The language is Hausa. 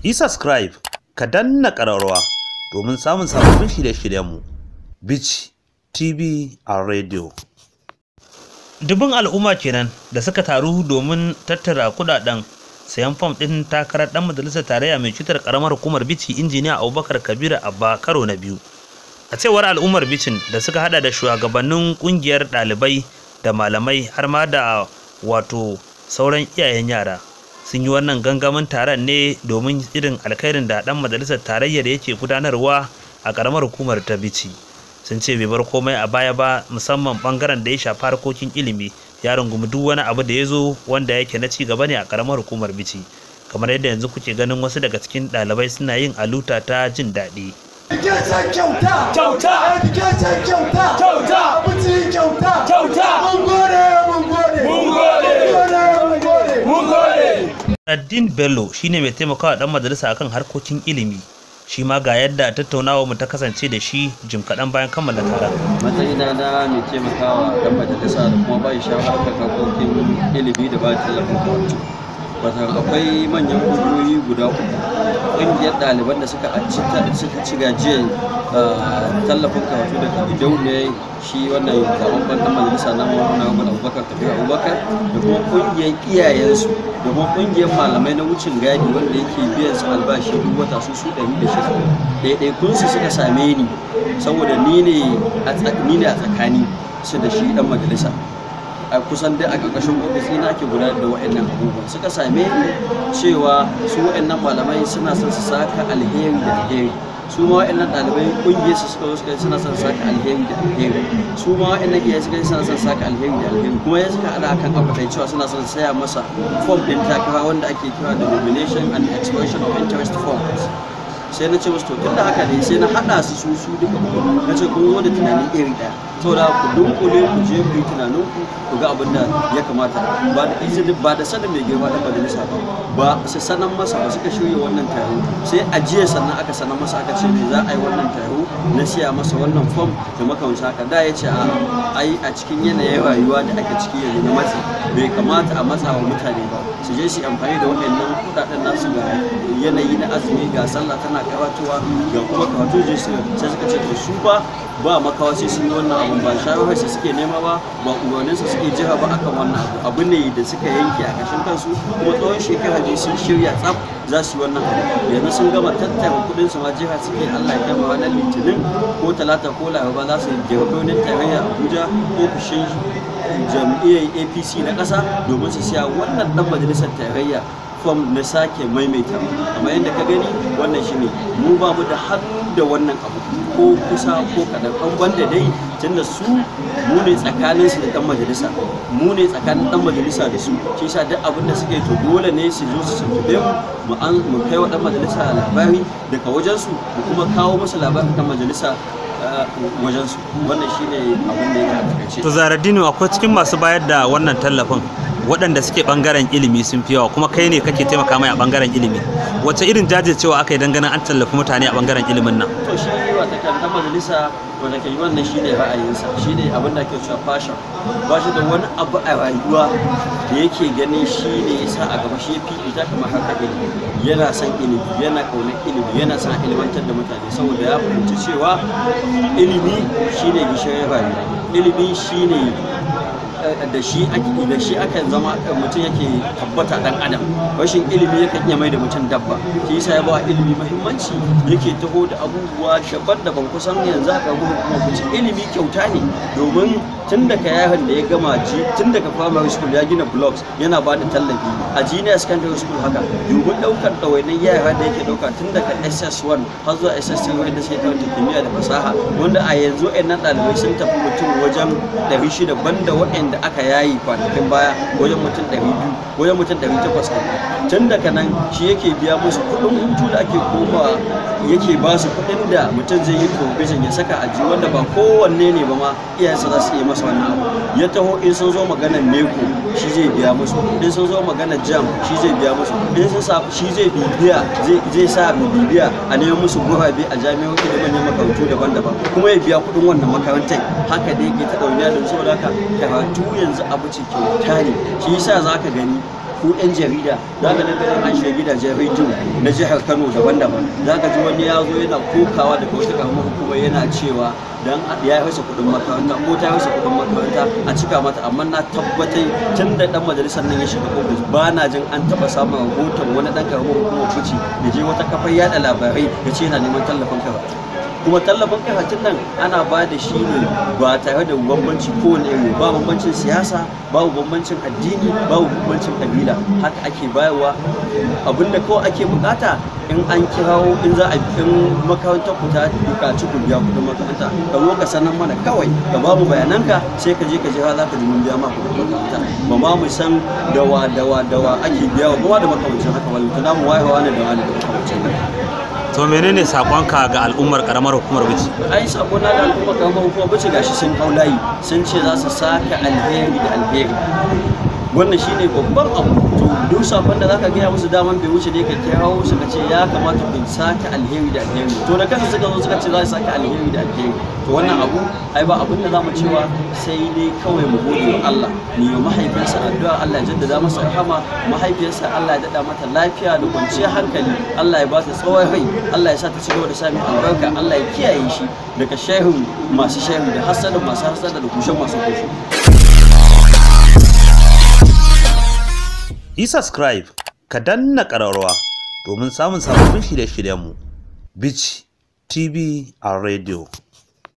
yi subscribe ka danna ƙararrawa domin samun sababbin shirye-shiryenmu bici tv a radio dubin al'umma kenan da suka taru domin tattara kudaden sayan fam ɗin takarar ɗan majalisar tarayya mai cutar ƙaramar hukumar bici injiniya abubakar kabiru abba karo na biyu a cewar al'ummar bicin da suka hada da shugabannin ƙungiyar ɗalibai da malamai har ma da wato sauran iyayen yara sun yi wannan gangamin taron ne domin irin alkhairin da dan majalisar tarayyar yake gudanarwa a karamar hukumar ta bici sun ce bai bar komai a baya ba musamman bangaren da ya shafi harkokin ilimi ya rungumi duk wani abu da ya zo wanda yake na ci gaba ne a karamar hukumar bici kamar yadda yanzu kuke ganin wasu daga cikin ɗalibai suna yin aluta ta jin daɗi kyauta kyauta kyauta kyauta kyauta kyauta Shaddin Bello shi ne mai taimakawa ɗan majalisa akan harkokin ilimi. Shi ma ga yadda tattaunawa mu ta kasance da shi jim kaɗan bayan kammala taron. Matsayina na mai taimakawa dan majalisa da kuma bai shawarar kan harkokin ilimi da ba tallafin watan akwai manyan ƙungiyoyi guda uku ƙungiyar ɗaliban da suka suka ci gajiyar ah, tallafin karatu daga gidau ne shi wannan zaben bankan majalisa na mawana wani abubakar kafin abubakar da kuma ƙungiyar iyayensu da kuma ƙungiyar malamai na wucin gadi wanda yake biyan su albashi duk wata su su ɗari da shida su suka same ni saboda ni ne a tsakani su da shi ɗan majalisa a kusan dai a ƙarƙashin ofisi na ake gudanar da wa'annan abubuwan suka same cewa su wa'annan malamai suna son su saka alheri da alheri su ma wa'annan ɗalibai ƙungiyar su suka suka suna son saka alheri da alheri su ma wa'annan iyaye suka suna son saka alheri da alheri kuma ya suka hada kan abu ɗaya cewa suna son saya masa form ɗin takara wanda ake kira da nomination and expression of interest forms sai na ce musu to tun da haka ne sai na haɗa su su su duka ku na ce kun da tunanin iri ɗaya da ku dunkule ku je ku yi tunanin ku ku ga abin da ya kamata ba da izinin ba da sanin mai girma da majalisa ba ba su sanan masa ba suka shirya wannan taro sai a jiya sannan aka sanan masa aka ce me za a yi wannan taro na siya masa wannan fom da makamansa haka da ya ce a ai a cikin yanayin rayuwa da ake ciki yanzu na matsayi bai kamata a matsa wa mutane ba su je shi amfani da waɗannan kuɗaɗen nasu ga yanayi na azumi ga sallah tana karatuwa ga kuma karatu je su sai suka ce to su ba ba makawa sun yi wannan abun ba shawarar su suke nema ba ba umarnin su suke jira ba akan wannan abu ne da suka yanke a kashin kansu kuma tsawon shekara je sun shirya tsaf za su yi wannan abu yanzu sun gama tattara kuɗin su ma jiha suke Allah ya kama ranar litinin ko talata ko laraba za su yi jirgin tarayya Abuja kushin jam'iyyar APC na Kasa domin su siya wannan ɗan majalisar tarayya fom na sake maimaita amma yadda ka gani wannan shine mu ba mu da hannu da wannan abu ko kusa ko kaɗan an banda dai tunda su mu ne tsakanin su da ɗan majalisa mu ne tsakanin ɗan majalisa da su shi yasa duk abin da suke to dole ne su zo su tuntube mu mu an mu kai wa ɗan majalisa labari daga wajensu mu kuma kawo musu labarin ɗan majalisa wajen su wannan shine abin da ya kace to zaradinu akwai cikin masu bayar da wannan tallafin waɗanda suke ɓangaren ilimi sun fi yawa kuma kai ne kake taimaka mai a ɓangaren ilimi wacce irin jajircewa aka yi dangane an tallafi mutane a ɓangaren ilimin nan to shi wata kyanta majalisa wanda ke wannan shi ne ra'ayinsa shi ne abin da ke cewa fashion ba shi da wani abu a rayuwa da yake ganin shi ne ya sa a gaba shi fi ita kamar haka ilimi yana son ilimi yana ƙaunar ilimi yana son ilimantar da mutane saboda ya fahimci cewa ilimi shi ne gishirin rayuwa ilimi shi ne eh, da shi akan zama eh, mutum yake tabbata dan adam rashin ilimi yakan iya mai da mutum dabba shi yasa ya ba ilimi muhimmanci yake taho da abubuwa daban-daban kusan yanzu haka kuma ilimi kyauta ne domin tun daga yahan da ya gama ji tun daga primary school ya gina blocks yana ba da tallafi a junior secondary school haka domin ɗaukar ɗawainan yara da yake ɗauka tun daga ss1 har zuwa ss 2 wanda suke karanta kimiyya da fasaha wanda a yanzu nan ɗalibai sun tafi mutum wajen 600 banda waɗanda aka yayi kwanakin baya wajen mutum 200 wajen mutum 800 tun daga nan shi yake biya musu kuɗin hutu da ake koma yake ba su kuɗin da mutum zai yi provision ya saka a ji wanda ba kowanne ne ba ma iyayensa za su iya masa masa wani abu ya taho in sun zo maganar neko shi zai biya musu in sun zo maganar jam shi zai biya musu in sun sa shi zai bibiya zai sa bibiya a neman musu gurabe a jami'o'i da manyan makarantu daban-daban kuma ya biya kuɗin wannan makarantar haka dai ke ta ɗauniya da saboda haka karatu yanzu abu ce kyauta ne shi yasa za ka gani ko 'yan jarida za ka daga an shiga gidajen rediyo na jihar kano daban-daban za ka ji wani ya zo yana kokawa daga wata karamar hukumar yana cewa don ya hausa kudin makaranta ko ta hausa kudin makaranta a cika mata amma na tabbatai tun da dan majalisar nan ya shiga ofis ba na jin an taba samun rahoton wani dan karamar hukumar kuci da je wata kafar yada labarai ya ce yana neman tallafin karatu kuma tallafin kai nan ana ba da shi ne ba tare da bambanci kowane iri ba bambancin siyasa ba bambancin addini ba bambancin kabila haka ake bayarwa abinda kawai ake bukata in an kirawo in za a in makarantar ku ta bukaci ku biya kuɗin makaranta ka zo ka sanar mana kawai ka ba mu bayananka sai ka je ka jira za ka ji mun biya ma kuɗin makaranta ba ma mu san dawa dawa dawa ake biya wa kuma da makamancin haka wani ta damu wayewa ne da wani da makamancin haka to menene sakonka ga al'ummar karamar hukumar bici ai sakon da al'ummar karamar hukumar bici gashi sun kaulayi sun ce za su saka alheri da alheri wannan shine babban abu to duk safan da zaka gaya musu daman bai wuce ne ka kirawo su ka ce ya kamata ku sake alheri da alheri to da kansu suka zo suka ce za su sake alheri da alheri to wannan abu ai ba abin da za mu cewa sai dai kawai mu gode wa Allah ni yi mahaifinsa addu'a Allah ya jaddada masa rahama mahaifiyarsa Allah ya dada mata lafiya da kwanciyar hankali Allah ya ba ta tsawon rai Allah ya sa ta cigaba da samun albarka Allah ya kiyaye shi daga shehu masu shehu da hasadin masu hasada da kushe masu kushe yi subscribe ka danna ƙararrawa domin samun sababbin shirye-shiryenmu bici tv a radio